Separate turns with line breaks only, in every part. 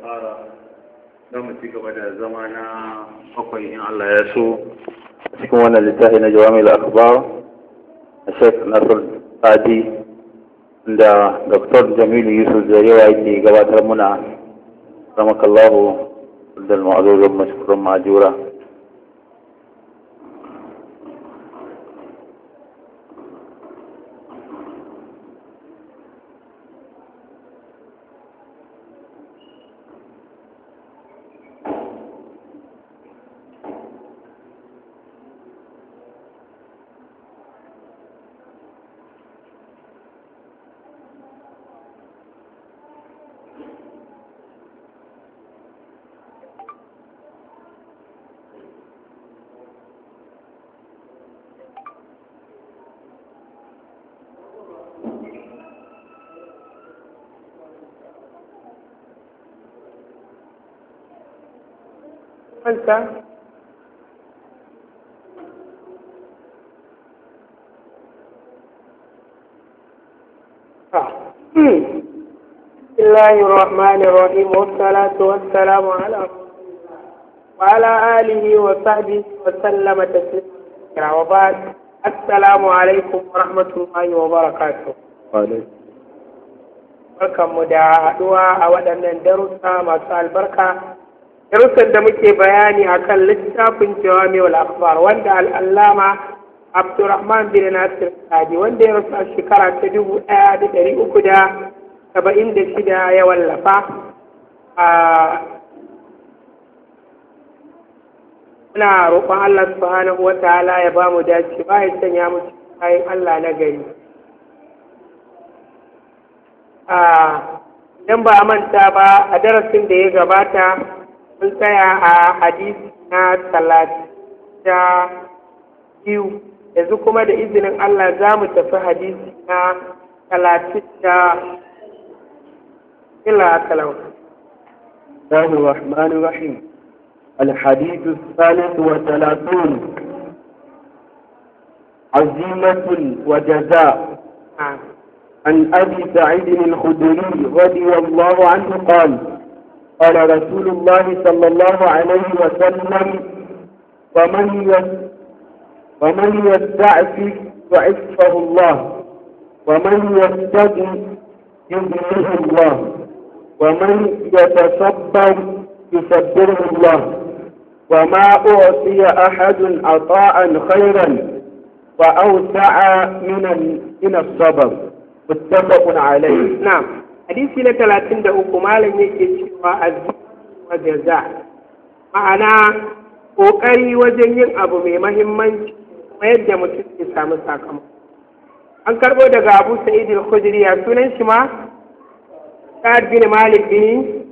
fara don mu ci gaba da zama na bakwai in Allah ya so cikin wannan littafi na jawami al-akbar a shek nasar adi da dr jamilu yusuf zarewa yake gabatar muna ramakallahu da ma'azozin mashukurin majura ka Allahi ah. Rahmani Rahim, wassalatu wassalamu ala ala alihi wa sa'adi wasallama da haɗuwa a waɗannan darussa masu albarka darussan da muke bayani a kan littafin jawami wal akhbar wanda al'allama abdurrahman bin nasir sadi wanda ya rasu a shekara ta dubu ɗaya da ɗari uku da saba'in da shida ya wallafa a Muna roƙon Allah subhanahu wa ta'ala ya ba mu dace ba ya sanya mu kayan Allah na gari. Idan ba a manta ba a darasin da ya gabata قلت يا حديثنا ثلاثة كيو يزو كما إذن الله زام تفى حديثنا ثلاثة إلا أكلاو الله الرحمن الرحيم الحديث الثالث وثلاثون عزيمة وجزاء عن أبي سعيد الخدري رضي الله عنه قال قال رسول الله صلى الله عليه وسلم فمن ومن يستعفف فعفه الله ومن يستغني يغنيه الله ومن يتصبر يصبره الله وما أعطي أحد عطاء خيرا وأوسع من الصبر متفق عليه نعم hadisi na talatin da uku malam yake cewa azumi wa jaza ma'ana ƙoƙari wajen yin abu mai mahimmanci kuma yadda mutum ke samu sakamako an karɓo daga abu sa'id al sunan shi ma sa'ad bin malik bin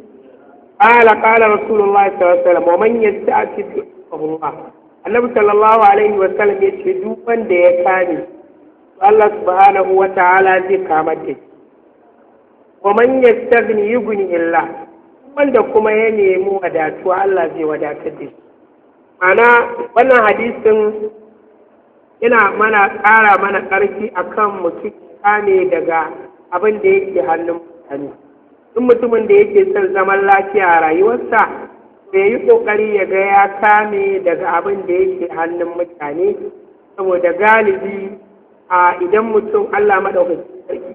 qala qala rasulullah sallallahu alaihi wasallam wa man yasta'ti Allah annabi sallallahu alaihi wasallam ya ce duk wanda ya kame Allah subhanahu wa ta'ala zai kama da shi wa man yastaghni yughni illa wanda kuma ya nemi wadatuwa Allah zai wadatar da shi ana wannan hadisin yana mana ƙara mana ƙarfi akan mutum kame daga abin da yake hannun mutane duk mutumin da yake son zaman lafiya a rayuwarsa ya yi ƙoƙari ya ga ya kame daga abin da yake hannun mutane saboda galibi a idan mutum Allah maɗaukaki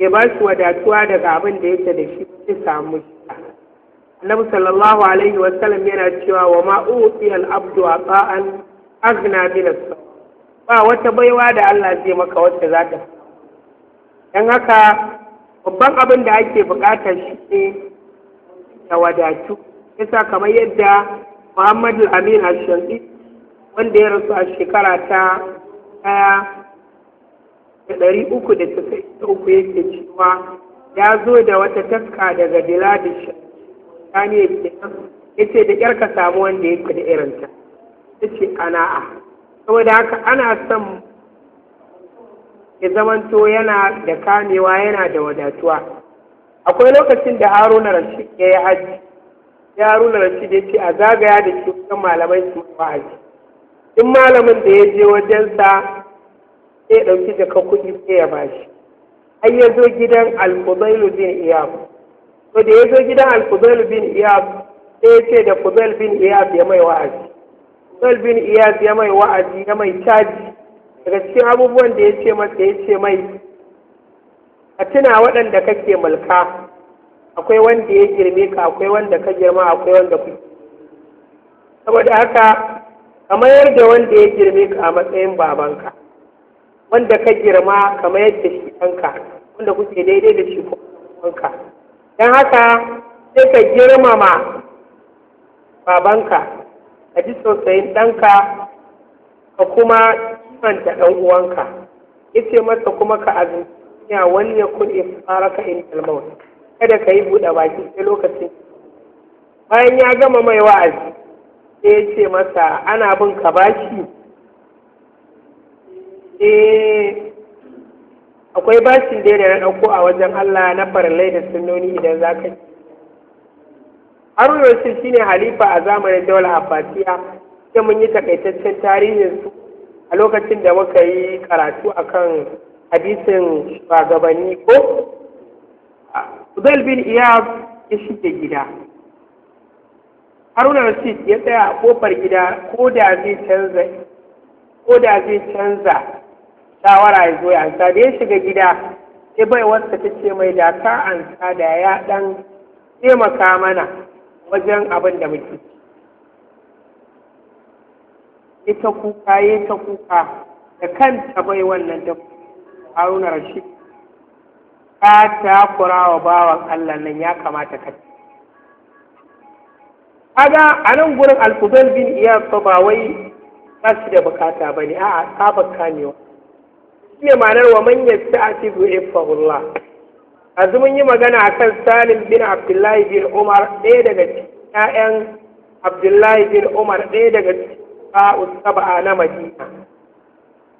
ya ba shi wadatuwa daga abin da yake da shi su samu shi annabi sallallahu alaihi wasallam yana cewa wa ma uti al abdu ata'an aghna min ba wata baiwa da Allah zai maka wacce za ta dan haka babban abin da ake bukatar shi ne da wadatu yasa kamar yadda Muhammadu Amin Ashanti wanda ya rasu a shekara ta ɗaya da ɗari uku da da uku yake cewa ya zo da wata taska daga Biladish Taniya ya ce da ƙyar ka samu wanda yake da irinta yace ana'a saboda haka ana son ya zamanto yana da kamewa yana da wadatuwa akwai lokacin da haruna rashid ya yi haji ya haruna rashid ya ce a zagaya da shi malamai su wa'azi in malamin da ya je wajensa sai ya ɗauki jaka kuɗi sai ya bashi ai ya zo gidan al-fudailu bin iyab to da ya zo gidan al-fudailu bin iyab sai ya ce da fudail bin iyab ya mai wa'azi fudail bin iyab ya mai wa'azi ya mai caji daga cikin abubuwan da ya ce masa ya ce mai a tuna waɗanda kake mulka akwai wanda ya girme ka akwai wanda ka girma akwai wanda ku saboda haka kamar yadda wanda ya girme ka a matsayin babanka wanda ka girma kamar yadda shi ɗanka wanda kuke daidai da shi ɗanka don haka sai ka girmama babanka ka ji sosai ɗanka ka kuma kimanta ɗan uwanka ce masa kuma ka azumi ya wani ya fara ka in talmaut kada ka yi buɗe baki sai lokacin bayan ya gama mai wa'azi sai ya ce masa ana bin ka bashi eh akwai bashi da na ɗauko a wajen Allah na farallai da sunnoni idan za ka yi shi shine halifa a zamanin daular abbasiya sai mun yi takaitaccen tarihin su a lokacin da muka yi karatu akan hadisin shugabanni ko Fudail bin ya shige gida. Haruna Rashid ya tsaya a kofar gida ko da zai canza shawara ya zo ya ansa da ya shiga gida sai bai wasta ta ce mai da ka ansa da ya ɗan taimaka mana wajen abin da muke ita kuka ya ta kuka da kanta bai wannan da haruna rashid ka takura wa bawan allah nan ya kamata ka kaga a nan gurin alfubel bin iya ba wai ba su da bukata ba ne a'a ne kamewa iya ma'anar wa man yasta'ati bi ifahullah azu mun yi magana akan Salim bin Abdullahi bin Umar ɗaya daga cikin ƴaƴan Abdullahi bin Umar ɗaya daga cikin ba'u na Madina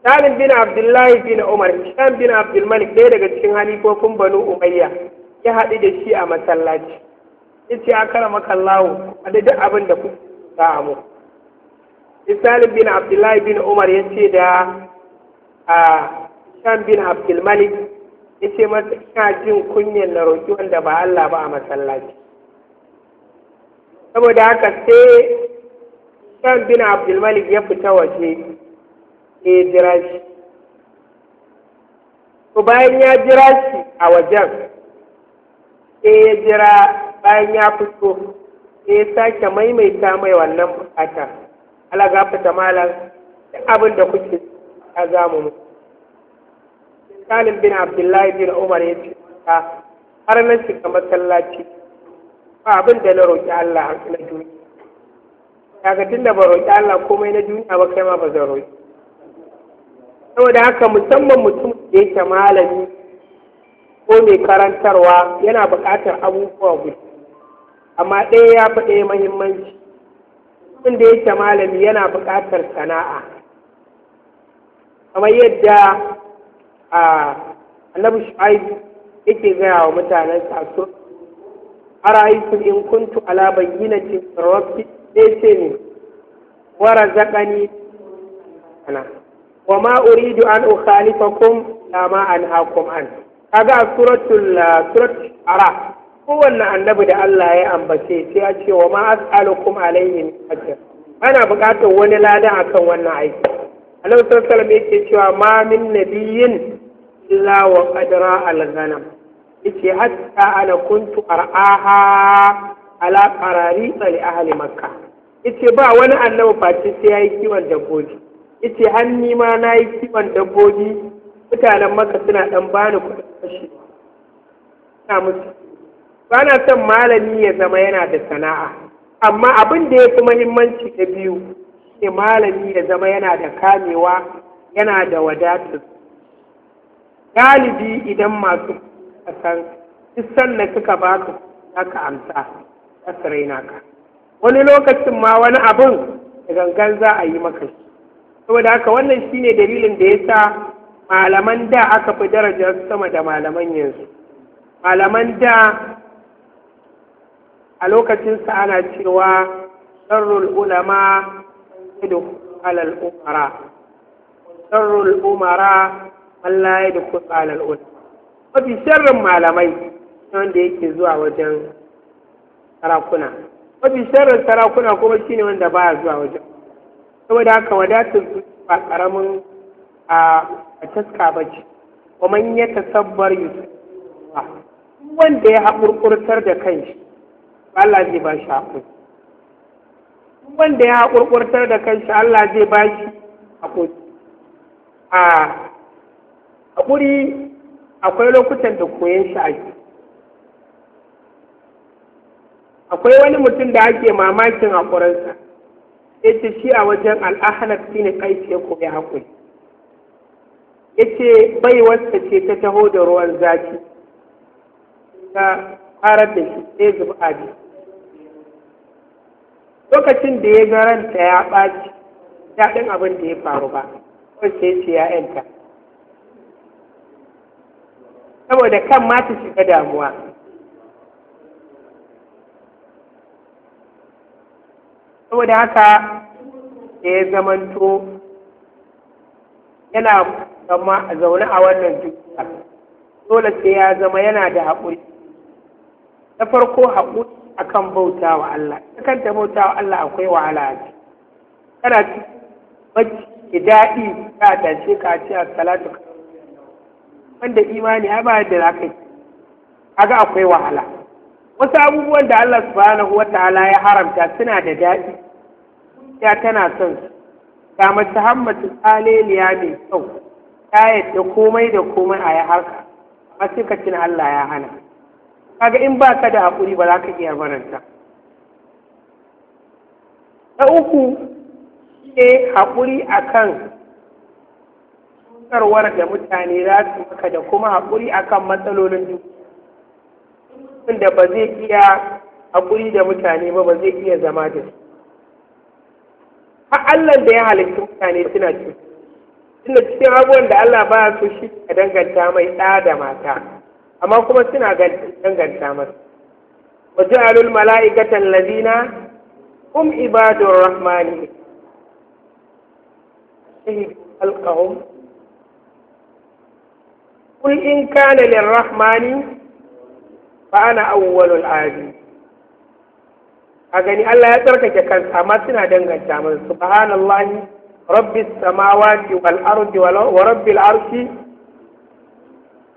Salim bin Abdullahi bin Umar Hisham bin Abdul Malik ɗaya daga cikin halifofin Banu Umayya ya haɗu da shi a masallaci yace a kara makallawo a da duk abin da kuke sa mu Salim bin Abdullahi bin Umar ya ce da a ah, kan bin abdulmalik ya ce masa ina jin kunyan na roƙi wanda ba Allah ba a masallaci saboda haka sai kan bin abdulmalik ya fita waje ya jira shi to bayan ya jira shi a wajen sai ya jira bayan ya fito sai ya sake maimaita mai wannan bukata ala gafata malam duk abin da kuke a zamu salim bin abdullahi bin umar ya ce ta ah, har na shiga masallaci ba abin da na roƙi Allah har na duniya kaga tunda ba roƙi Allah komai na duniya ba kai ma ba zan roƙi saboda haka musamman mutum da yake malami ko mai karantarwa yana buƙatar abubuwa guda amma ɗaya ya fi ɗaya muhimmanci, mutum da yake malami yana buƙatar sana'a kamar yadda a annabi shu'aib yake gaya wa mutanen sa araitu in kuntu ala bayyinati rabbi sai ce ni wara razaqani ana wa ma uridu an ukhalifakum la ma anhaakum an kaga suratul suratul ara kowanne annabi da Allah ya ambace sai ya ce wa ma as'alukum alayhi ajr ana buƙatar wani lada akan wannan aiki Allah sallallahu alaihi wasallam yake cewa ma min nabiyyin illa wa qadra al-ghanam yace hatta ana kuntu ar'aha ala qarari tsari ahli makka yace ba wani annabi face sai yayi kiwon dabbobi yace har ni ma nayi kiwon dabbobi mutanen makka suna dan bani kuɗin kashi ta musu ba na son malami ya zama yana da sana'a amma abin da ya fi muhimmanci na biyu ne malami ya zama yana da kamewa yana da wadatar galibi idan masu kasan isan da suka ba su aka amsa za raina ka wani lokacin ma wani abin da gangan za a yi maka shi saboda haka wannan shine dalilin da ya sa malaman da aka fi darajar sama da malaman yanzu malaman da a lokacinsa ana cewa sharrul ulama da alal umara sharrul umara Allah ya da kusa al’ul. mafi sharrin malamai wanda yake zuwa wajen sarakuna mafi sharrin sarakuna kuma shi ne wanda baya zuwa wajen saboda haka wadatar su ba ƙaramin a taska ba ce wa man ya tasabbar yusuf wanda ya haƙurƙurtar da kanshi Allah zai ba shi haƙuri wanda ya haƙurƙurtar da kanshi Allah zai ba shi haƙuri haƙuri akwai lokutan da koyon shi ake akwai wani mutum da ake mamakin haƙurinsa ya ce shi a wajen al'ahalar shi ne kai ce ya haƙuri ya ce bai baiwarsa ce ta taho da ruwan zafi ta fara da shi sai zuba a lokacin da ya ga ranta ya ɓaci daɗin abin da ya faru ba kawai sai ce ya 'yanta saboda kan ma ta shiga damuwa saboda haka da ya zamanto yana zama a zaune a wannan duniya dole sai ya zama yana da haƙuri na farko haƙuri akan bauta wa Allah akan ta bauta wa Allah akwai wahala a ciki kana bacci daɗi ka tashe ka ci a salatu wanda imani ya ba da za kai kaga akwai wahala wasu abubuwan da Allah subhanahu wa ta'ala ya haramta suna da daɗi ya tana son su ga mace hammatu tsaleliya mai kyau ta yadda komai da komai a ya harka amma sai Allah ya hana kaga in ba ka da haƙuri ba za ka iya baranta na uku ne haƙuri akan cutarwar da mutane za su maka da kuma haƙuri akan matsalolin duk da ba zai iya haƙuri da mutane ba ba zai iya zama da su ha Allah da ya halittu mutane suna cuta inda cikin abubuwan da Allah ba su shi a danganta mai ɗa da mata amma kuma suna danganta masa wa ja'alul mala'ikatan ladina hum ibadur rahmani shahid alqahum kul in kana lirrahmani fa ana awwalul abid a gani Allah ya tsarkake kansa amma suna danganta masa subhanallahi rabbis samawati wal ardi wa rabbil arshi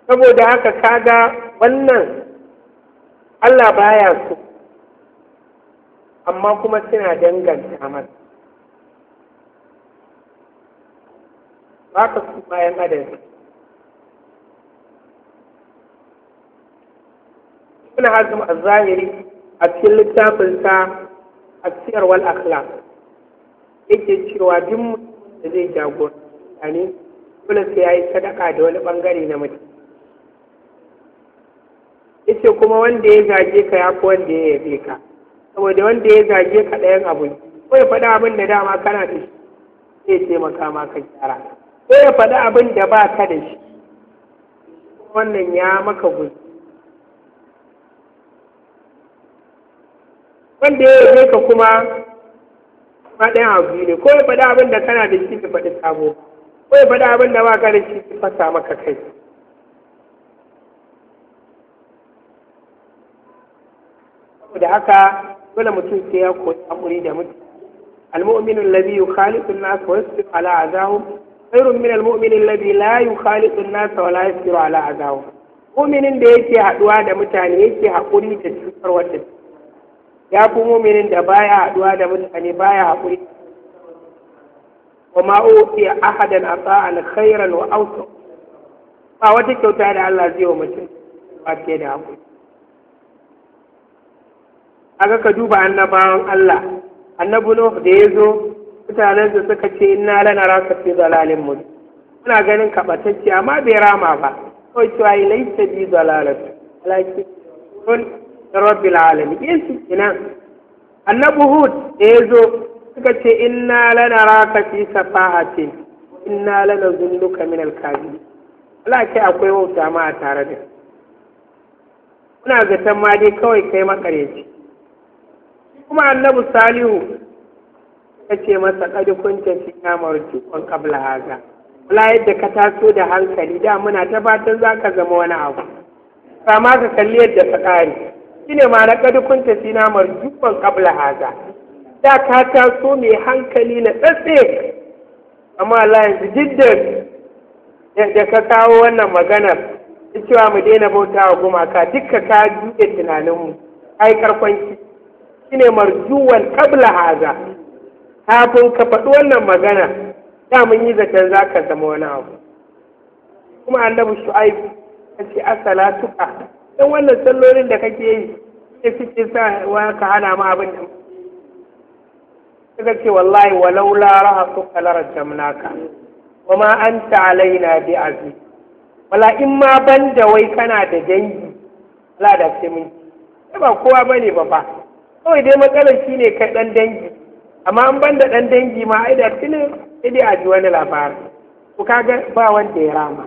saboda haka kaga wannan Allah baya so amma kuma suna danganta masa ba ka su bayan adam ibn hazm az-zahiri a cikin littafin a asiyar wal akhlaq yake cewa duk mutum da zai jagora ne dole sai yayi sadaka da wani bangare na mutum yace kuma wanda ya zage ka ya fi wanda ya yabe ka saboda wanda ya zage ka ɗayan abu ko ya faɗi abin da dama kana da shi zai taimaka ma ka gyara ko ya faɗi abin da ba ka da shi wannan ya maka gudu wanda ya yi ka kuma faɗin abu ne ko ya faɗi abin da kana da shi su faɗi sabo ko ya faɗi abin da ba ka da shi ta fasa maka kai da haka dole mutum sai ya koyi haƙuri da mutum المؤمن الذي يخالط الناس ويصبر على عزاهم خير من المؤمن الذي لا يخالط الناس ولا يصبر على عزاهم مؤمن da yake haɗuwa da mutane yake haƙuri da cutar ya ku muminin da baya haɗuwa da mutane baya haƙuri Kuma o utiya ahadan ata al khairan wa awsa ba wata kyauta da Allah zai wa mutum ba ke da haƙuri aga ka duba annabawan Allah annabi Nuh da ya zo mutanen da suka ce inna lana raka fi zalalin mu muna ganin kabatacce amma bai rama ba kawai cewa laisa bi dalalatu alaki rabbil alamin yesu ina annabi hud da ya zo suka ce inna raka fi safahatin inna lanazunnuka min alkazibin Allah ke akwai wauta ma a tare da kuna zaton ma dai kawai kai makareci kuma annabi salihu ta ce masa kadi kun tafi kamar jikon kabla haza kula yadda ka taso da hankali da muna ta fatan za ka zama wani abu ba ka kalli yadda ka ƙare shine ma na kadu kunta sina jubban ƙabla haza da ka taso mai hankali na tsatse amma Allah yanzu jiddar da ka kawo wannan maganar cewa mu daina bauta wa gumaka dukka ka juɗe tunaninmu ai karkon shine marjuwan ƙabla haza kafin ka faɗi wannan magana da mun yi zaton za ka zama wani abu kuma annabi shu'aib ya ce asalatuka don wannan sallolin da kake yi ya suke sa wa ka hana ma abin nan suka ce wallahi walau la rahatuka jamnaka. rajamnaka wa ma anta alaina bi aziz wala in ma ban da wai kana da dangi la da ce mun ba kowa bane ba ba kawai dai matsalar shine kai dan dangi amma an ban da dan dangi ma ai da tuni sai a ji wani labari ku kaga ba wanda ya rama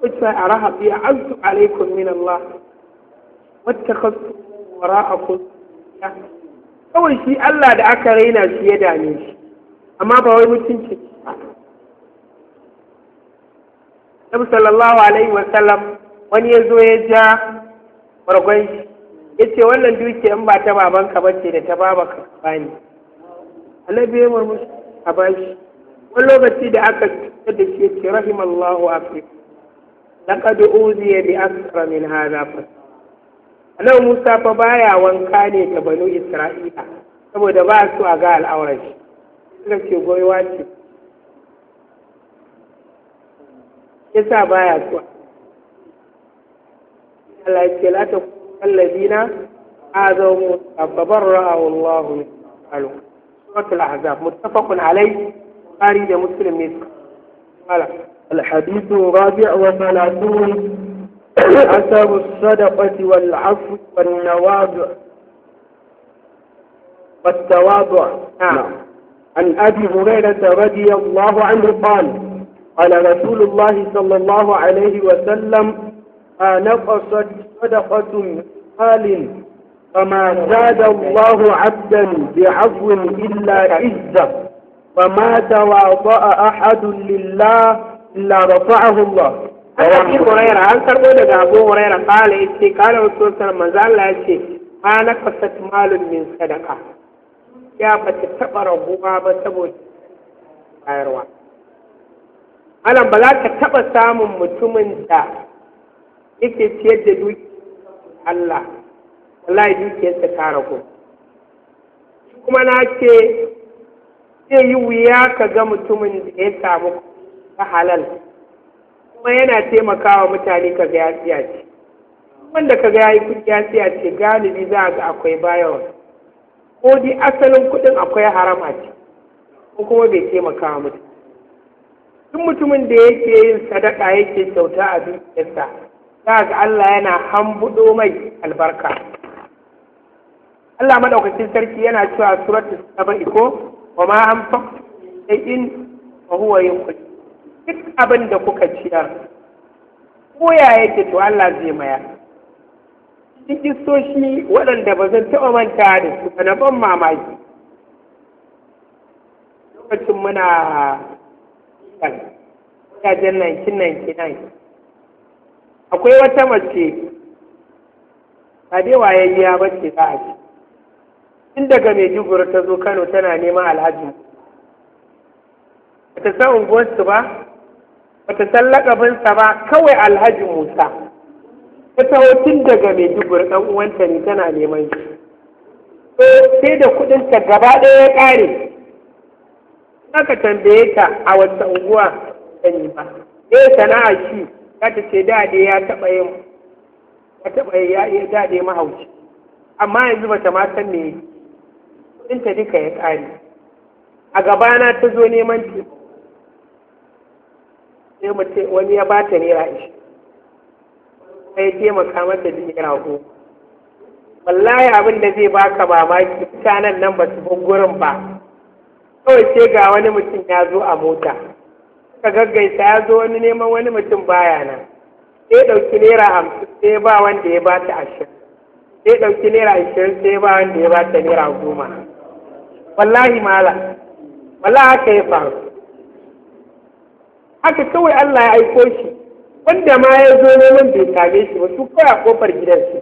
kuce a rahabi a azu alaikum min Allah wattakhadtu wara'akum kawai shi Allah da aka raina shi ya dame shi amma ba wai mutunci Nabi sallallahu alaihi wa sallam wani ya zo ya ja bargon shi ya ce wannan dukiyan ba ta babanka ba ce da ta babaka ka bani annabi ya murmushi a bashi wani lokaci da aka cutar da shi ya ce rahimallahu afirka laqad uziya bi akthara min hadha fa nan musa fa baya wanka ne ga banu isra'ila saboda ba su a ga al'aurar shi suka ce goyiwa ce yasa baya so Allah ya ce la ta kallabina azamu ababarra'u Allah min qalu suratul ahzab muttafaqun alai bukhari da muslim ne wala الحديث الرابع وثلاثون أثر الصدقة والعفو والنواضع والتواضع نعم. نعم عن أبي هريرة رضي الله عنه قال قال رسول الله صلى الله عليه وسلم ما نقصت صدقة قال فما زاد الله عبدا بعفو إلا عزة وما تواضع أحد لله إلا رفعه الله
an abi huraira an
karbo daga abu huraira kala yace kala rasul manzo Allah yace ma nakasat malun min sadaka ya ba ta taɓa raguwa ba saboda bayarwa alam ba za ka taɓa samun mutumin da yake ciyar da duki Allah wallahi dukiyarsa ta ragu kuma na ce zai yi wuya ka ga mutumin da ya samu ta halal kuma yana taimakawa mutane ka ga yasiya ce wanda ka ga yayi kudi ya ce galibi za a ga akwai bayawa ko dai asalin kudin akwai haram ce ko kuma bai taimakawa mutane duk mutumin da yake yin sadaka yake kyauta a dukiyarsa za ga Allah yana hambudo mai albarka Allah Maɗaukacin sarki yana cewa suratul saba'i ko wa ma an fa in fa huwa yunqid duk abin da kuka ciyar ko ya yake to Allah zai maya cikin kistoshi waɗanda ba zan taɓa manta da su na ban mamaki lokacin muna kan wajajen 1999 akwai wata mace ba dai wayayya ba ce za a ce tun daga maiduguri ta zo kano tana neman alhaji ba ta san unguwarsu ba bata san lakabinsa ba kawai alhaji musa ta taho tun daga maiduguri ɗan uwanta ne tana neman shi sai da kudinta gaba ɗaya ya ƙare aka tambaye ta a wata unguwa sani ba eh sana'a shi za ta ce da ya taɓa yin ya taɓa ya da da mahauci amma yanzu bata ma san me kudinta duka ya ƙare a gabana ta zo neman taimako sai mutum wani ya ba ta naira ishi kuma ya taimaka mata da naira goma wallahi abin da zai baka mamaki mutanen nan ba su bi gurin ba kawai ce ga wani mutum ya zo a mota ka gaggaisa ya zo wani neman wani mutum baya nan sai ɗauki naira hamsin sai ba wanda ya ba ta ashirin sai ɗauki naira ashirin sai ba wanda ya ba ta naira goma wallahi mala wallahi haka ya faru haka kawai Allah ya aiko shi wanda ma ya zo neman bai same shi ba su kawai a kofar gidansu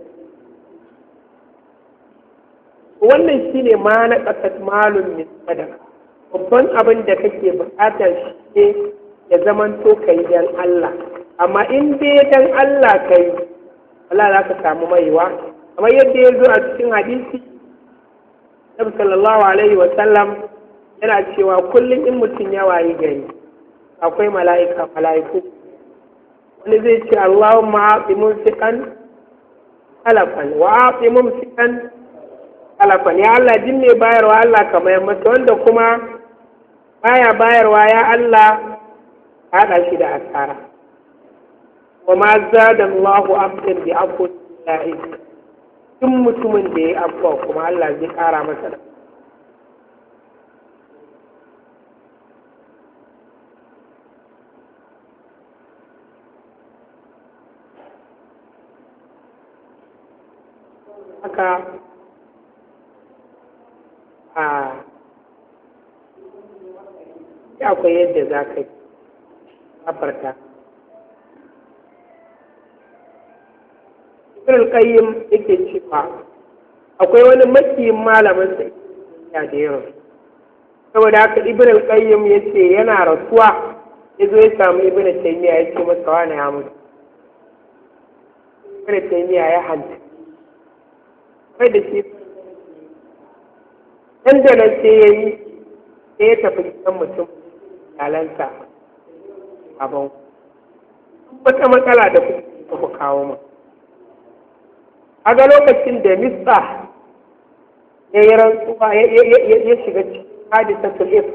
wannan shi ne ma na ƙasar malum mai sadaka babban abin da kake buƙatar shi ne ya zaman to ka yi don Allah amma in dai don Allah ka yi Allah za ka samu maiwa kamar yadda ya zo a cikin hadisi Nabi sallallahu alaihi wa sallam yana cewa kullum in mutum ya wayi gari akwai mala'ika mala'iku wani zai ce Allahumma aati mumsikan alafan wa aati mumsikan alafan ya Allah jin ne bayarwa Allah ka mayar mace wanda kuma baya bayarwa ya Allah haɗa shi da asara wa ma zada Allahu abdan bi afwi lahi duk mutumin da ya yi abuwa kuma Allah zai ƙara masa da ka a ya akwai yadda za ka yi afarta ibn al-qayyim yake cewa akwai wani makiyin malamin sa ya da yawa saboda haka ibirin al ya ce yana rasuwa ya zo ya samu ibirin taimiyya ya ce masa wani ya mutu ibirin taimiyya ya hanta kai da shi nan da nan sai ya yi sai ya tafi gidan mutum talanta abin wata matsala da ku kawo mu a ga lokacin da mista ya yi rantsuwa ya shiga cikin ta ifk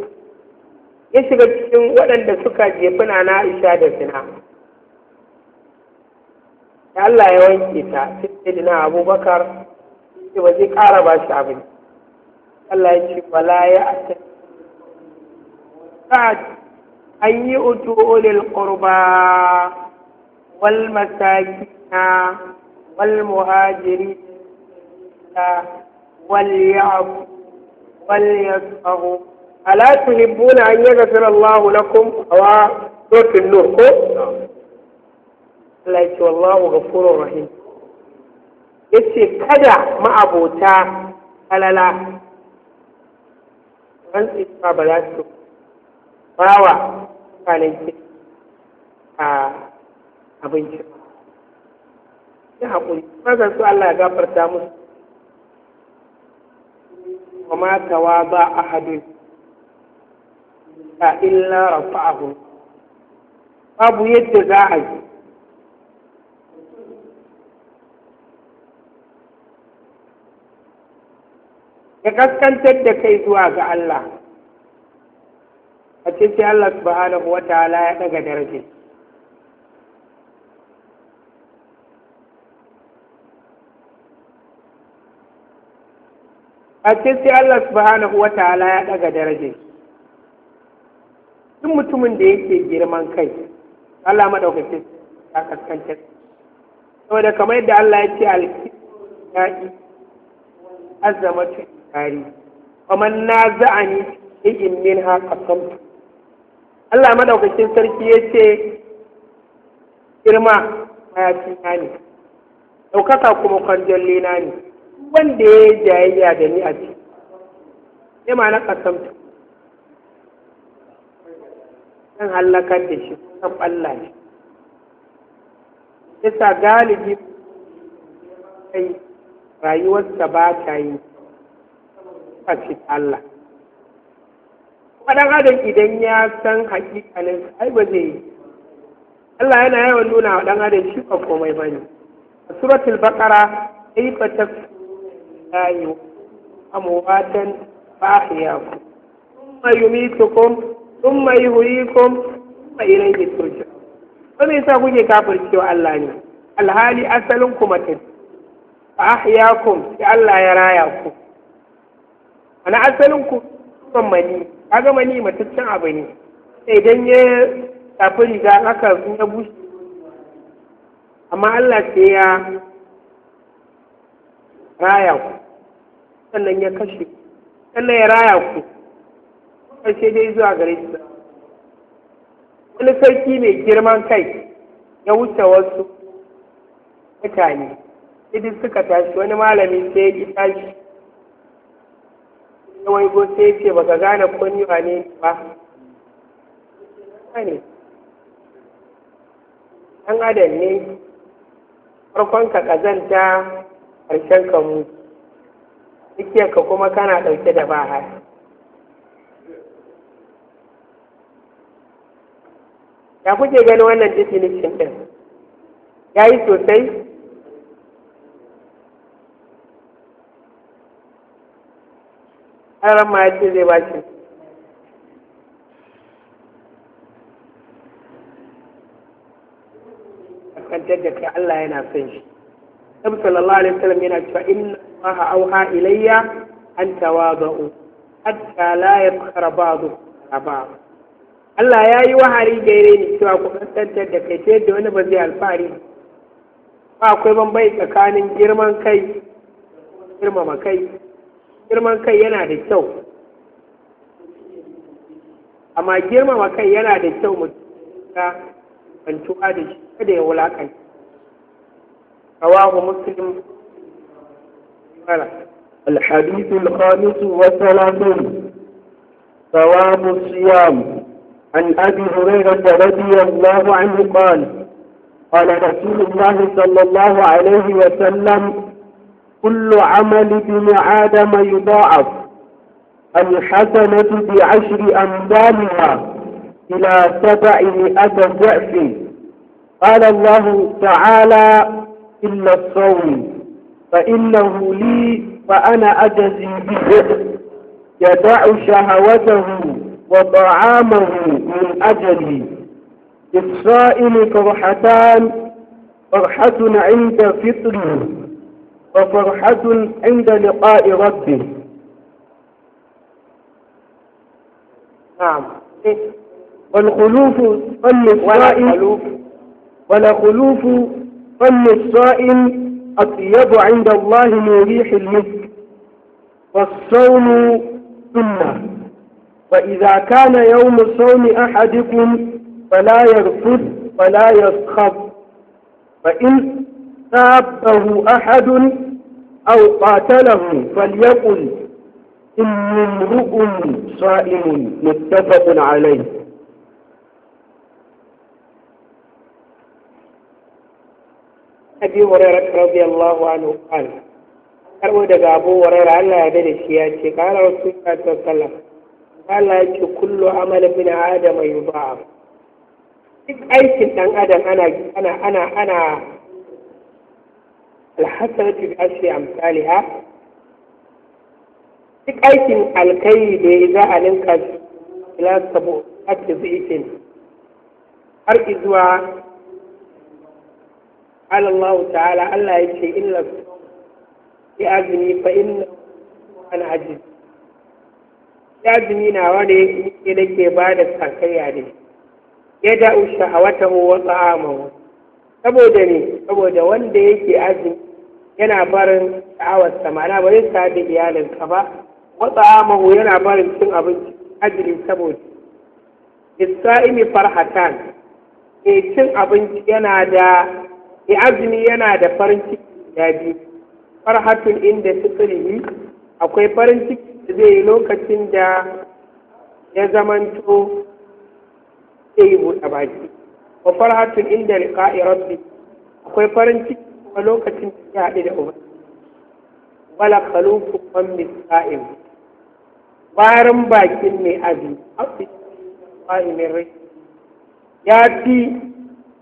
ya shiga cikin waɗanda suka jefi na Aisha da zina Allah ya wanke ta sai na Abubakar ce waje kara ba shi abin Allah ya ce wala ya ta sa'ad an utu ulil qurba wal masakin wal muhajirin wal ya'f wal yasfahu yaghfir Allah lakum يغفر الله لكم Allah ya ce wallahu ghafurur rahim ya ce kada ma'abota halala rantsi ba ba za su bawa mutanen ke a abinci ya haƙuri mazan su Allah ya gafarta musu wa matawa ba a hadin ta illa rafa'ahu babu yadda za a yi ka kaskantar da kai zuwa ga Allah a cikin Allah subhanahu wa ta'ala ya daga darje a cikin Allah subhanahu wa ta'ala ya daga darje duk mutumin da yake girman kai Allah madaukakin ta kaskantar saboda kamar yadda Allah ya ce alki ya'i azzamatu kari faman na za'ani ikin min ha qasamtu Allah madaukakin sarki ya ce girma mayafi na ne ɗaukaka kuma kwarjalle na ne wanda ya yi jayayya da ni a ce ya ma na kasamta zan hallakar da shi kan Allah ne yasa galibi kai rayuwarsa ba ta yi kafin Allah faɗan adam idan ya san haƙiƙanin ai ba zai yi Allah yana yawan nuna wa ɗan adam shi ba komai ba ne a suratul baqara kaifa tafsiru amwatan fahiyakum thumma yumitukum thumma yuhyikum thumma yi turja'un ko me yasa kuke cewa Allah ne alhali asalin kuma ba
a yi ahyakum sai Allah ya raya ku
ana asalin ku son mani ga mani mataccen abu ne idan ya tafi riga aka sun ya bushe amma Allah sai ya raya ku sannan ya kashe ku sannan ya raya ku ƙarshe dai zuwa gare shi wani sarki mai girman kai ya wuce wasu mutane idan suka tashi wani malami sai ya ƙi tashi Yawai, ko sai ce baka gane ko ni wane ne ba ne ɗan adam ne farkon ka ƙazanta ƙarshen ka mu ka kuma kana ɗauke da baha ya kuke gani wannan definition ɗin ya yi sosai aran ma ya ce zai ba shi kwantar da kai Allah yana son shi Nabi sallallahu alaihi wasallam yana cewa inna Allah auha ilayya an tawadu hatta la yafkhara ba'du ba Allah ya yi wahari gare ni cewa ku kwantar da kai ce, da wani ba zai alfahari ba akwai bambai tsakanin girman kai girmama kai girman kai yana da kyau amma girmama kai yana da kyau mutum ya bantuwa da shi kada ya wulakanta رواه مسلم الحديث الخامس والثلاثون ثواب الصيام عن أبي هريرة رضي الله عنه قال قال رسول الله صلى الله عليه وسلم كل عمل ابن آدم يضاعف الحسنة بعشر أمثالها إلى مئة ضعف قال الله تعالى إلا الصوم فإنه لي فأنا أجزي به يدع شهوته وطعامه من أجلي للصائم فرحتان فرحة عند فطره وفرحة عند لقاء ربه نعم والخلوف قل الصائم ولا خلوف قل الصائم أطيب عند الله من ريح المسك والصوم سنة وإذا كان يوم صوم أحدكم فلا يرفض ولا يسخط فإن سابه أحد أو قاتله فليقل إني امرؤ صائم متفق عليه أبي هريرة رضي الله عنه قال karbo daga abu warar Allah ya da shi ya ce kara wasu ya ta sallam Allah ya ce kullu amal bin adam yuba'a duk aikin ɗan adam ana ana ana الحسنة bi ashri amsalha duk aikin alkai da ya za a ninka shi ila sabo ake zai har izuwa Allah ta'ala Allah ya ce illa ya azumi fa na yake nake ba da ne ya da'u sha'awatahu wata ta'amahu saboda ne saboda wanda yake azumi yana barin sha'awar samana ba zai sa da iyalinka ba wata amahu yana barin cin abinci ajiri saboda isra'imi farhatan e cin abinci yana da e azumi yana da farin ciki ya biyu farhatun inda sifirihi akwai farin ciki da zai yi lokacin da ya zamanto ya yi buɗe baki wa farhatun inda liqa'i rabbi akwai farin ciki a lokacin da ya haɗu da uba wala kalufu man misa'im warin bakin mai azumi haɗu wa'imin rai ya fi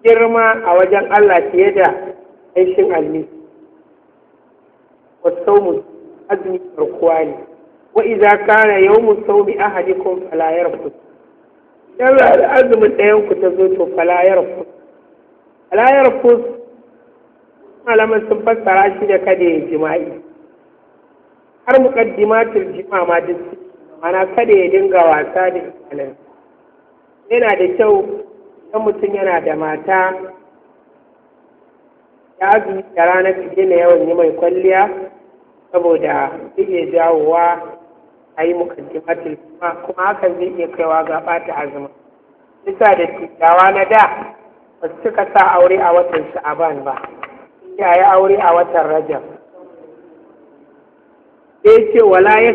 girma a wajen Allah fiye da aishin almi wasu mu azumi farkuwa ne wa iza kana yawmu sawmi ahadikum ku yarfus da azumin ɗayan ku ta zo to falayar ku falayar ku malaman sun fassara shi da kada ya jima'i har muqaddimatul jima ma duk mana kada ya dinga wasa da iyalin yana da kyau idan mutum yana da mata ya zu da rana ta gina yawan yi mai kwalliya saboda zai iya jawowa a yi mukaddimatul jima kuma hakan zai iya kaiwa ga ɓata azumi bisa da tuttawa na da ba su cika sa aure a watan sha'aban ba ya yi aure a watan rajab Ya ce wala ya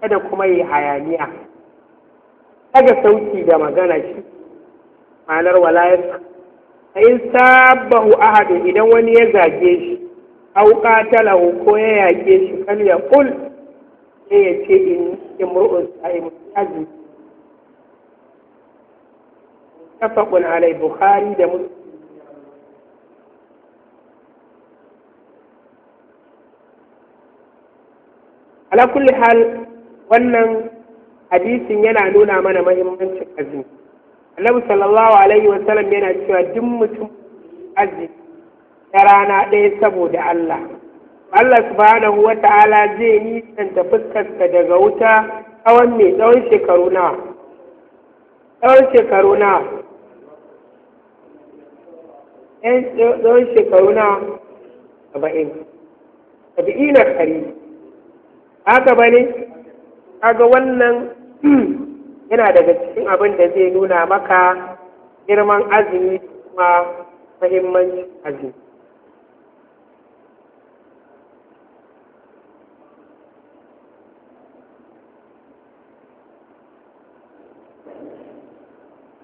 kada kuma yi hayaniya daga sauki da magana shi ma'anar wala ya in sabahu ahadu idan wani ya zage shi au qatalahu ko ya yake shi kan ya kul sai ya ce in imru'un sa'im kafa kun alai bukhari da muslim ala kulli hal wannan hadisin yana nuna mana mahimmancin azumi annabi sallallahu alaihi wasallam yana cewa duk mutum azumi ta rana ɗaya saboda Allah Allah subhanahu wa ta'ala zai nisanta fuskarsa daga wuta tsawon mai tsawon shekaru nawa tsawon shekaru nawa tsawon shekaru nawa saba'in na karibi haka ba ne kaga wannan yana daga cikin abin da zai nuna maka girman azumi kuma mahimmanci azumi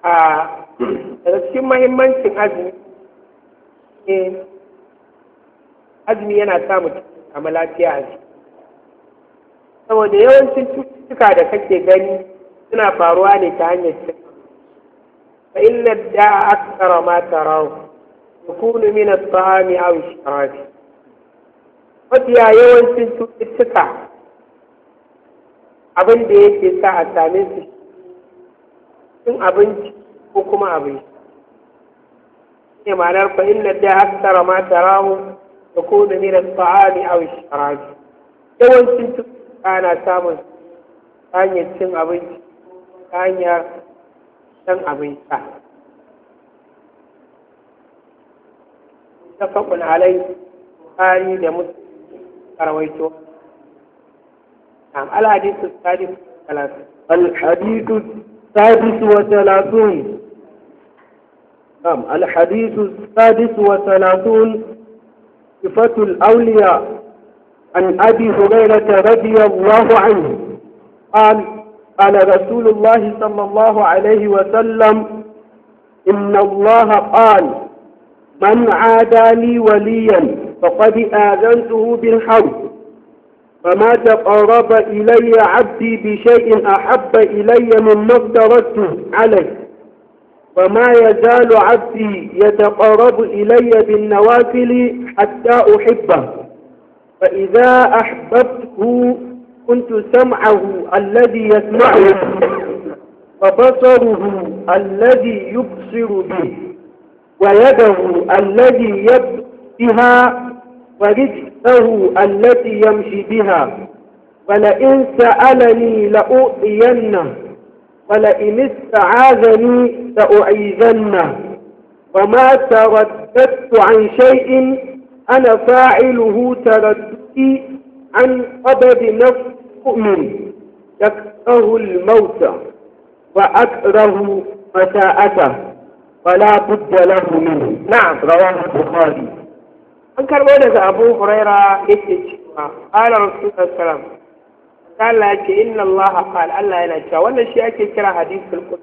a daga cikin mahimmancin azumi azumi yana sa mutum kama lafiya a jiki saboda yawancin cututtuka da kake gani suna faruwa ne ta hanyar cin fa inna da'a akthara ma tarahu yakunu min at-ta'ami aw ash-sharabi mafiya yawancin cututtuka abin da yake sa a same su cin abinci ko kuma abin ne ma'anar fa inna da'a akthara ma tarahu yakunu min at-ta'ami aw ash-sharabi yawancin cututtuka ana samun hanyar cin abinci hanyar shan abinci ta tafakun alai tsari da musulmi karwaito الحديث السادس والثلاثون الحديث السادس وثلاثون نعم الحديث السادس وثلاثون صفة الأولياء عن أبي هريرة رضي الله عنه قال قال رسول الله صلى الله عليه وسلم إن الله قال من عادى لي وليا فقد آذنته بالحرب فما تقرب إلي عبدي بشيء أحب إلي مما افترضته عليه وما يزال عبدي يتقرب إلي بالنوافل حتى أحبه فإذا أحببته كنت سمعه الذي يسمع وبصره الذي يبصر به ويده الذي يبصر بها ورجله التي يمشي بها ولئن سألني لأؤينه ولئن استعاذني لأعيذنه وما ترددت عن شيء أنا فاعله تردي عن قبض نفس مؤمن يكره الموت وأكره مساءته فلا بد له منه نعم رواه البخاري أنك المولى أبو هريرة إيش قال رسول الله صلى الله عليه وسلم قال إن الله قال ألا إلا شاء ولا شيء كرا حديث القدس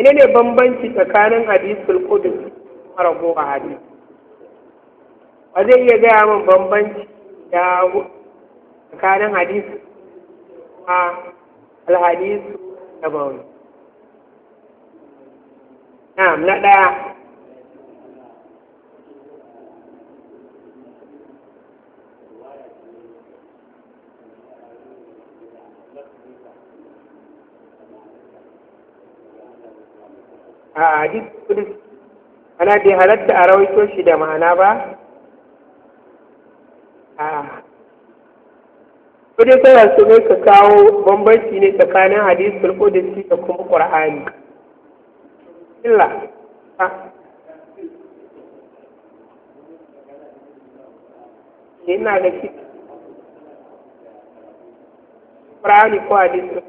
إنني بمبنتي تكارن حديث في القدس مرغوب حديث ba zai iya gaya min bambanci da tsakanin hadisu, a alhadisu da bauni na'am na ɗaya a hadisu kudu, ana bai halatta a rawaito shi da ma'ana ba Kudin tana so ne ka kawo bambanci ne tsakanin hadisul kudusi da kuma Qur'ani. Illa. Ina da shi. Qur'ani ko hadisul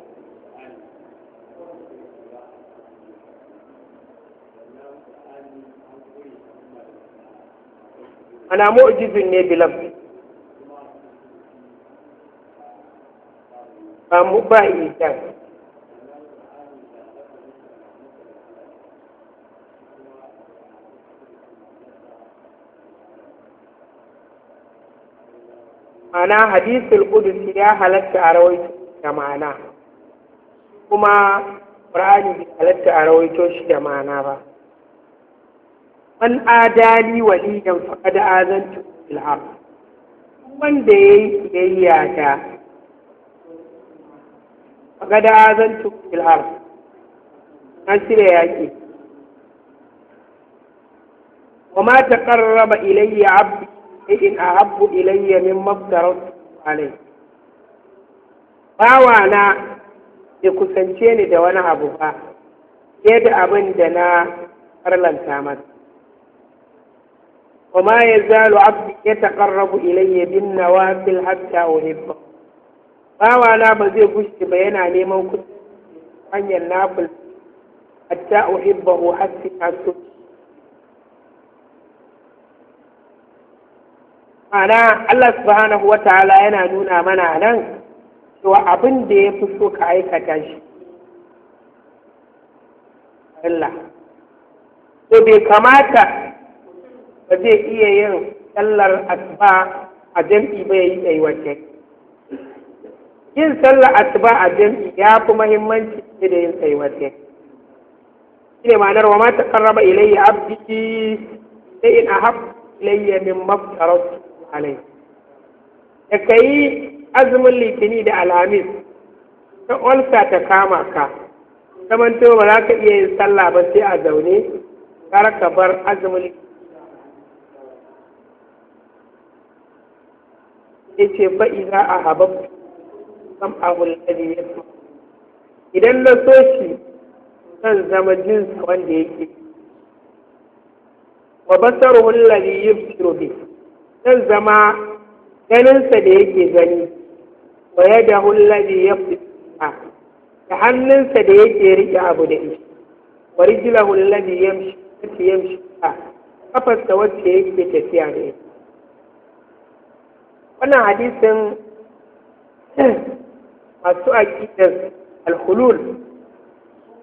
Ana mu'jizun ne bilab. amúbáyìíta. ma'ana hadisul qudus ya halatta a rawaito da ma'ana kuma qur'ani bai halatta a rawaito shi da ma'ana ba man adali waliyan faqad azantu bil haqq wanda yayi kiyayya ta gada azantu bilhar an sire yaƙi wa ma taqarraba ilayya abdi in abu ilayya min maftaratu alai bawa na ya kusance ni da wani abu ba fiye da abin da na farlanta masa وما يزال عبدي يتقرب إلي بالنوافل حتى أحبه bawana ba zai gushi ba yana neman kudi hanyar nafil hatta uhibbahu hatta asu ana Allah subhanahu wataala yana nuna mana nan cewa abin da ya fi so ka aikata shi Allah to bai kamata ba zai iya yin sallar asuba a jam'i ba ya yi aiwace yin sallar asuba a jami'i ya fi muhimmanci ne da yin sai jami'i shi ne ma'anar wa ma ta karraba ilayya abdi sai in a ahab ilayya min maftaratu alai da ka yi azumin litini da alhamis ta olsa ta kama ka saman to ba za ka iya yin sallah ba sai a zaune kar ka bar azumin litini ya ce za a hababtu sam'ahu alladhi yasma idan na so shi zan zama jinsa wanda yake wa basaruhu alladhi yubsiru bi zan zama ganinsa da yake gani wa yadahu alladhi yabsu da hannunsa da yake riƙe abu da shi wa rijlahu alladhi yamshi yamshi kafarsa wacce yake tafiya da ita wannan hadisin masu aƙidar alhulul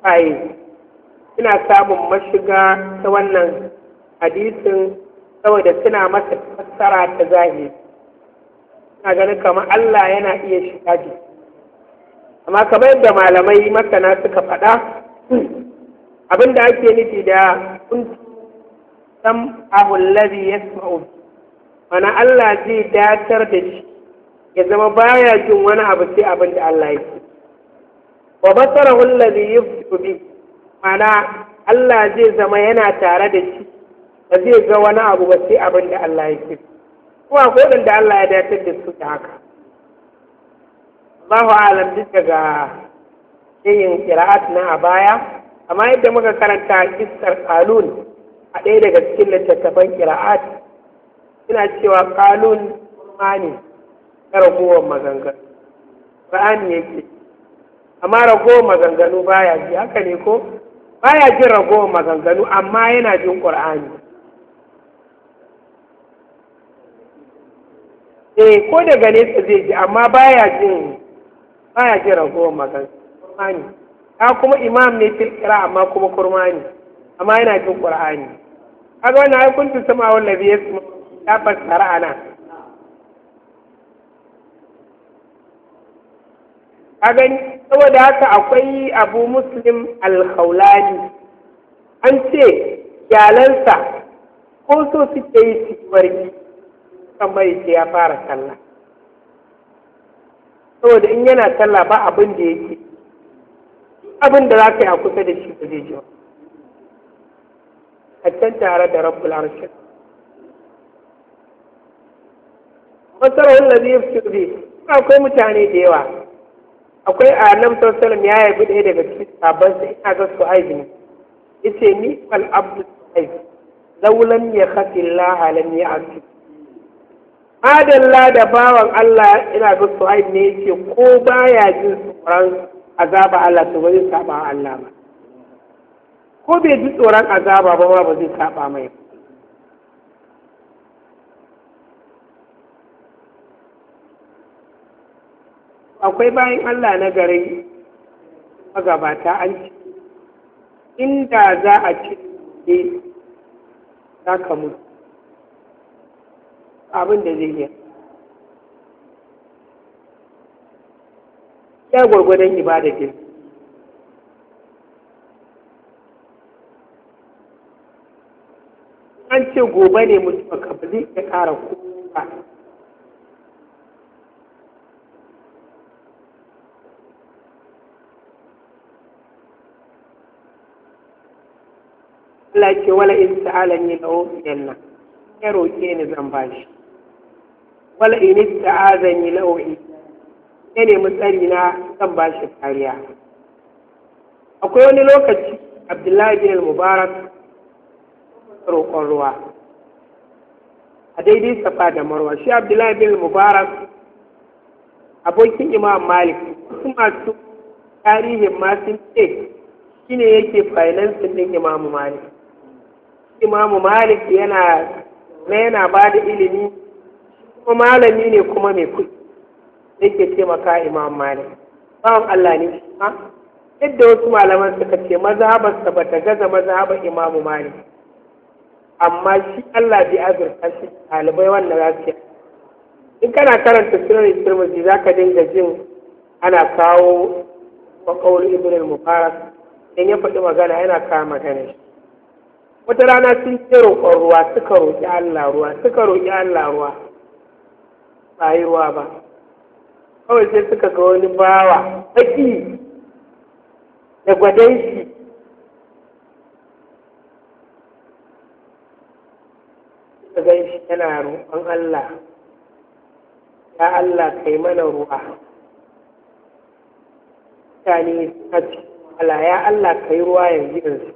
aye suna samun mashiga ta wannan hadisin saboda suna masa fassara ta zahiri suna ganin kamar Allah yana iya shiga jiki amma kamar yadda malamai masana suka faɗa abin da ake nufi da kuntu sam ahullazi yasma'u mana Allah zai datar da shi ya zama baya jin wani abu sai abin da Allah ya ce wa basarahu alladhi yubtu bi mana Allah zai zama yana tare da shi ba zai ga wani abu ba sai abin da Allah ya ce kuma akwai da Allah ya datar da su da haka Allahu alam duk daga yin kira'at na a baya amma yadda muka karanta kistar qalun a ɗaya daga cikin littattafan kira'at, ina cewa qalun ne ragowar maganganu ƙur'ani yake amma ragowar maganganu baya ji haka ne ko baya jin ragowar maganganu amma yana jin ƙur'ani eh ko daga nesa zai ji amma baya jin baya jin ragowar maganganu ta kuma imam ne filkira amma kuma kurmani amma yana jin ƙur'ani kaga wannan ai kuntu sama wallazi yasma ya fassara ra'ana. a gani saboda haka akwai abu muslim alhaulani an ce iyalansa ko so suke yi su kan bari ce ya fara sallah saboda in yana sallah ba abin da yake abin da za ka yi a kusa da shi ba zai ji a can tare da rabbul arshin masarar wanda zai fi akwai mutane da yawa akwai a nan sosalam ya yi bude daga cikin sabon sa ina ga su aibi ne yace ni fal abdu aib laulan ya kafi Allah lam ya asu adalla da bawan Allah ina ga su aibi ne yace ko baya jin tsoron azaba Allah to bai saba Allah ba ko bai ji tsoron azaba ba ba zai saba mai ba akwai bayan Allah na garin magabata an ci inda za a ci ne za ka mutu abin da zai yi ya gwargwadon ibada ke an ce gobe ne mutu ba ka ba zai iya ƙara kuma Allah ce wala in ta'ala ni la nan, ya roƙe ni zan shi. wala in ta'aza ni la uhi ya nemi tsari na zan ba shi kariya akwai wani lokaci Abdullahi bin Mubarak roƙon ruwa a daidai safa da marwa shi Abdullahi bin Mubarak abokin Imam Malik kuma su tarihin masu sun ce shine yake finance din Imam Malik imamu malik yana na yana ba da ilimi kuma malami ne kuma mai kuɗi ke taimaka imam malik bawan allah ne yadda wasu malaman suka ce mazhabarsa ba ta gaza mazhabar imamu malik amma shi allah bi azurta shi ɗalibai wannan za su in kana karanta sunan turmuzi za ka dinga jin ana kawo makawar ibn al-mubarak in ya faɗi magana yana kawo magana shi wata rana sun ce roƙon ruwa suka roƙi Allah ruwa suka roƙi Allah ruwa ba yi ruwa ba kawai sai suka ga wani bawa baki da gwadon shi suka gan shi yana roƙon Allah ya Allah kai mana ruwa mutane suka cikin wahala ya Allah kai ruwa yanzu yanzu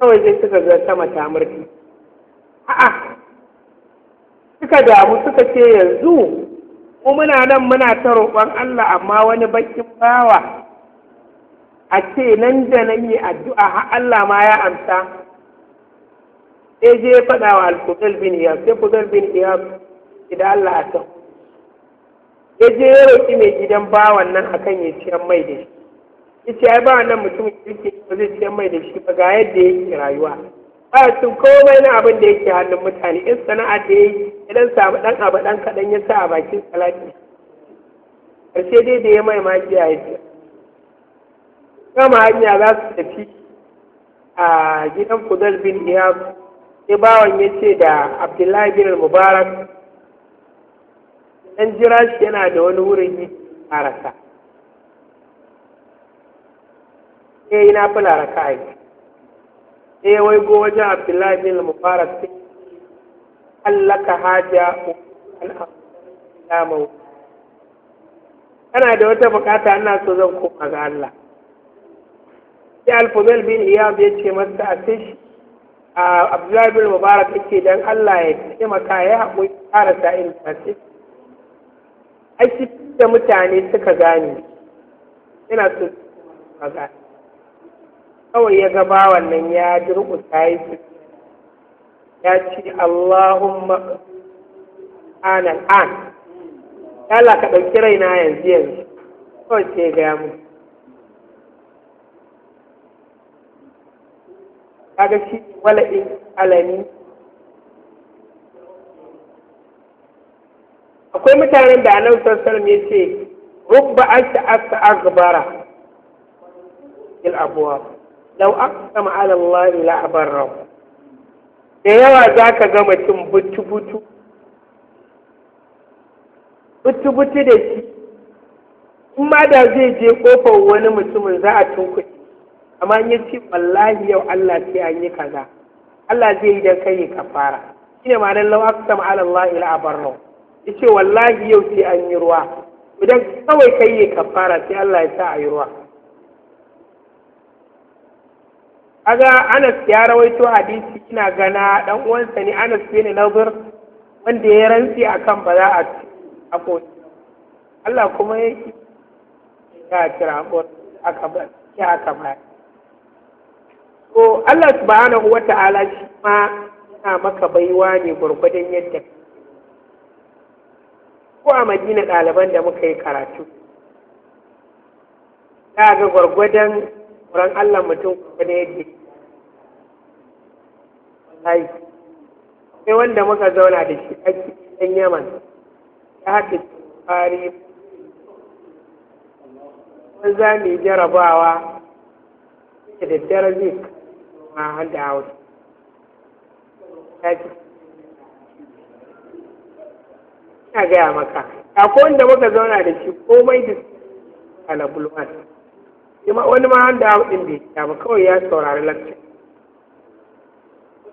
kawai zai suka ga sama ta murfi a'a suka damu suka ce yanzu mu muna nan muna ta roƙon Allah amma wani bakin bawa a ce nan da nan yi addu'a har Allah ma ya amsa sai je ya faɗa wa al bin sai Fudal bin Iyab idan Allah a san ya je ya roƙi mai gidan bawan nan akan ya ciyar mai da shi yace ai ba nan mutum yake ba zai ce mai da shi ba ga yadda yake rayuwa ba cin komai na abin da yake hannun mutane in sana'a da yayi idan samu dan abu dan kadan ya sa a bakin salati karshe dai da ya mai maki a yi kama hanya za su tafi a gidan fudal bin iyam sai bawan ya ce da abdullahi bin mubarak dan jira shi yana da wani wurin yi a rasa sai eh, yi nafila raka'a E, wai go wajen abdullahi bin mubarak sai allaka haja al'amun kana da wata bukata ina so zan koma ga Allah sai alfumel bin iyab ya ce masa a tish a abdullahi bin mubarak ke dan Allah ya taimaka ya haƙuri ƙara sa'in tashi ai da mutane suka gane ina so koma ga Allah kawai ya ga bawan nan ya durƙusa yi su ya ce Allahumma anan an Yalla ka ɗauki raina yanzu yanzu kawai sai ga mu kaga shi wala in alani akwai mutanen da annabi sallallahu alaihi wasallam yace rubba anta akbara il abuwa lau aqsam ala Allah la da yawa ka ga mutum butu butu butu butu da shi in ma da zai je kofar wani mutumin za a tunkuɗe amma in ci, wallahi yau Allah sai an yi kaza Allah zai yi ka kai kafara ne ma'anar lau aqsam ala Allah la abarra ce wallahi yau sai an yi ruwa idan kawai kai kafara sai Allah ya sa a yi ruwa kaga Anas ya rawaito hadisi ina gana dan uwansa ne Anas bin nazir wanda ya rantsi akan ba za a a Allah kuma ya ki ya kira ko aka ba ya aka ba to Allah subhanahu wata'ala shi ma yana maka baiwa ne gurgurdan yadda ko a Madina ɗaliban da muka yi karatu ga gwargwadon wurin Allah mutum kuma ne yake sai sai wanda muka zauna da shi ake ɗan yaman ta haka bukari wani za mu yi jarabawa da daddare zai kuma hada a wasu ina gaya maka akwai wanda muka zauna da shi komai da kalabulwan wani ma hada a wadin da ya ba kawai ya saurari lantarki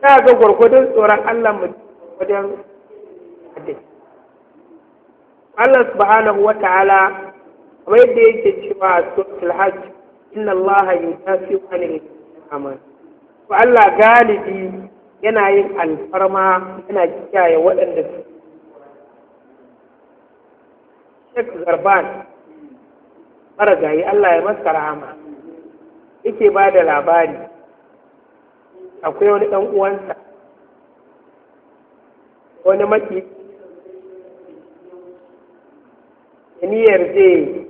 za ga gwargwadon tsoron Allah mutum wajen hadisi Allah subhanahu wa ta'ala kamar yadda yake cewa a suratul hajj inna Allah ya yudafi wani aman to Allah galibi yana yin alfarma yana kiyaye waɗanda su Sheikh Zarban gayi Allah ya masa rahama yake ba da labari akwai wani ɗan uwansa wani maki da niyyar zai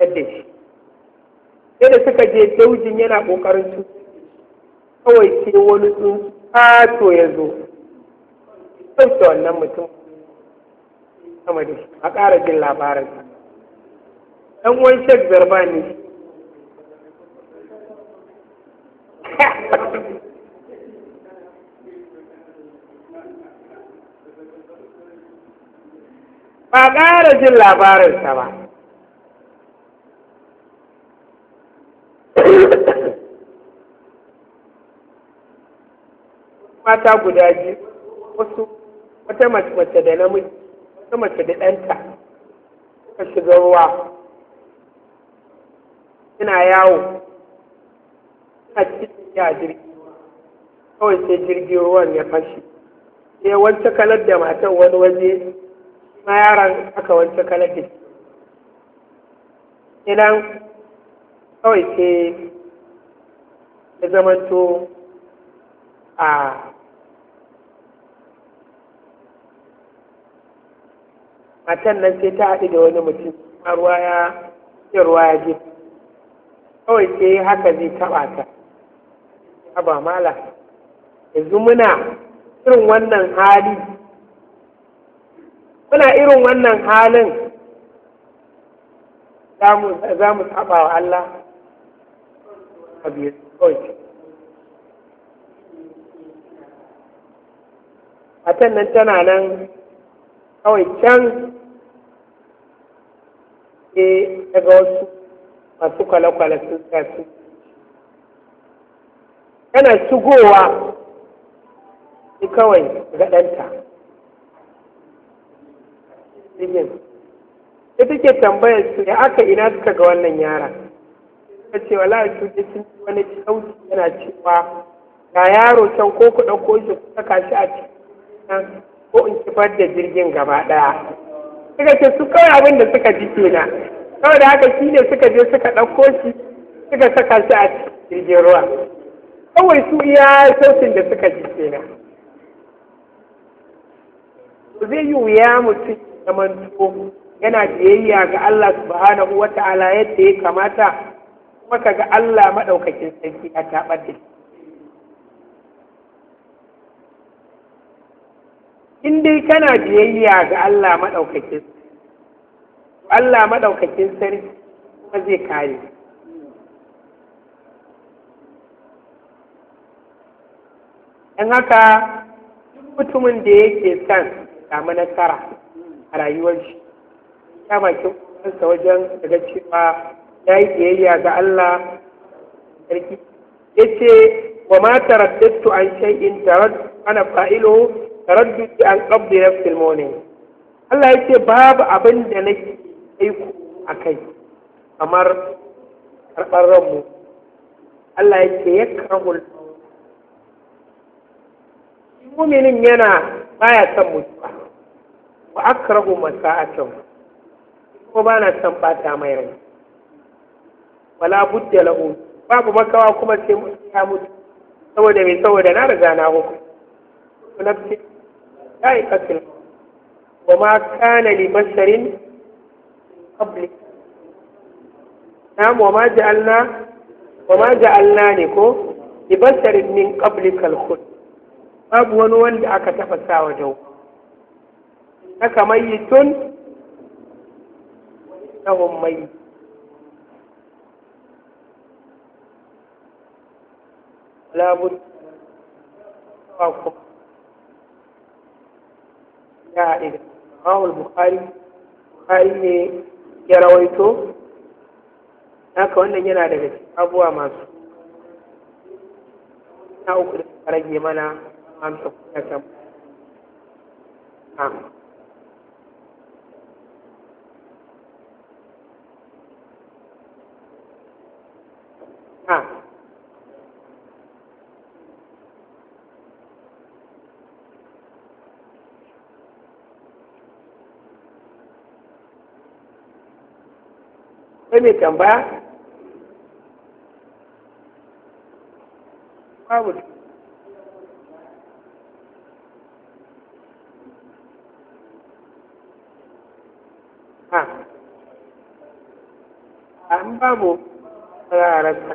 yadda shi sai da suka je daujin yana ƙoƙarin su kawai ce wani sun kato ya zo sauke wannan mutum sama da shi a ƙara jin labarin ɗan uwan shek zarba ne ƙara jin labarinsa ba mata guda biyu wasu wata mace da namiji wata mace da ɗanta suka shiga ruwa suna yawo suna cikin ya jirgi kawai sai jirgin ruwan ya fashe sai wancan kalar da matan wani waje ma yaran aka wanke kalafin idan kawai sai ya zamanto a matan nan sai ta haɗu da wani mutum ruwa ya ce ruwa ya je kawai sai haka zai taɓa ta ba mala yanzu muna irin wannan hali Muna irin wannan halin za mu saba wa Allah a biyar matan nan tana nan kawai can ke daga wasu masu kwale-kwale sun tafi tana shigowa kawai ga ɗanta. sihir ita ke tambayar su ya aka ina suka ga wannan yara ta ce wala su ji sun ji wani sauti yana cewa ga yaro can ko ku ɗauko shi ku saka shi a cikin ko in kifar da jirgin gaba ɗaya suka ce su kawai abin da suka ji kenan saboda haka shi ne suka je suka ɗauko shi suka saka shi a cikin jirgin ruwa kawai su iya sautin da suka ji kenan zai yi wuya mutum zamanto yana biyayya ga Allah subhanahu wa ta'ala yadda ya kamata kuma ka ga Allah maɗaukakin sarki a taɓar da in dai kana biyayya ga Allah maɗaukakin Allah maɗaukakin sarki kuma zai kare don haka duk mutumin da yake son samu nasara a rayuwar shi ta a kansa wajen daga cewa ya yi biyayya ga Allah sarki ya ce wa ma taraddatu an shay'in taraddu ana fa'ilu taraddu an qabdi nafsi al-mu'min Allah ya ce babu abin da nake aiko akai kamar karɓar ranmu Allah ya ce ya karahul muminin yana baya son mutuwa wa akrahu masa'atahu ko ba na san bata mai rai wala budda lahu babu makawa kuma sai mu ya mutu saboda me saboda na riga na hukum nafsi dai kafin wa ma kana li basharin qabli nam wa ma ja'alna wa ma ja'alna ne ko li basharin min kal khud babu wani wanda aka tafasa wa dawo kaka mayyitun innahum mayyit la bud ya ida Imam Bukhari Bukhari ne ya rawaito haka wannan yana daga abubuwa masu na uku da rage mana an amsa kuma tambaya mai tambaya babu an babu rarrasa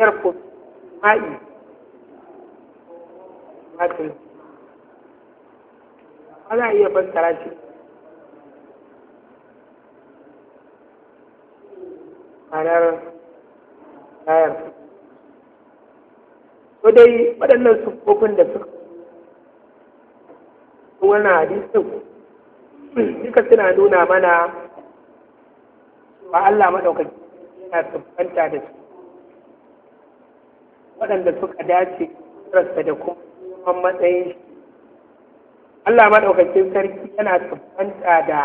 yarku ma'i matin ana iya fassara shi ma'anar ayar ko dai waɗannan siffofin da suka wani hadisin duka suna nuna mana ba Allah maɗaukaki yana siffanta da su waɗanda suka dace rasta da kuma matsayin shi Allah maɗaukakin sarki yana tabbanta da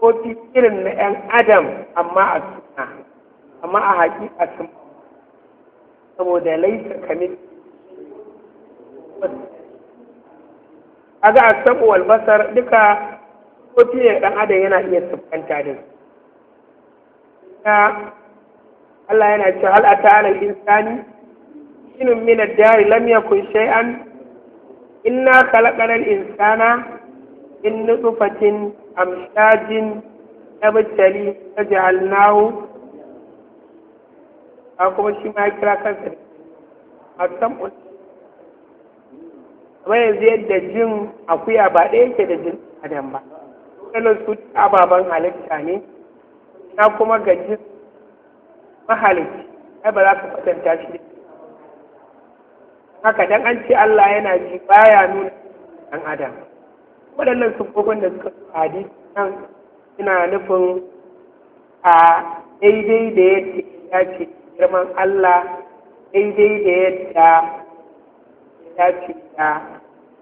kofi irin na 'yan adam amma a suna amma a haƙiƙa sun saboda laisa kamil kaga a sabu albasar duka kofi ne ɗan adam yana iya tabbanta da Allah yana cewa hal ata insani shinun min ad-dari lam kun shai'an inna khalaqanal insana in nutfatin amshajin nabtali faj'alnahu a kuma shi ma kira kansa a sam'ul kamar yanzu yadda jin akuya ba ɗaya yake da jin adam ba waɗannan su ababen halitta ne na kuma ga jin mahalicci ai ba za ka kwatanta shi da haka dan an ce Allah yana ji baya nuna dan adam waɗannan sufofin da suka hadisi nan suna nufin a daidai da yadda ya ce girman Allah daidai da yadda ya ce ya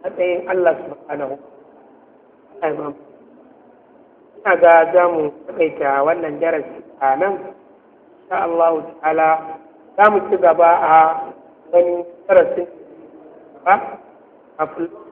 matsayin Allah subhanahu wa ina ga za mu taƙaita wannan darasi a nan insha Allah ta'ala za mu ci gaba a wani karasin ba a fulani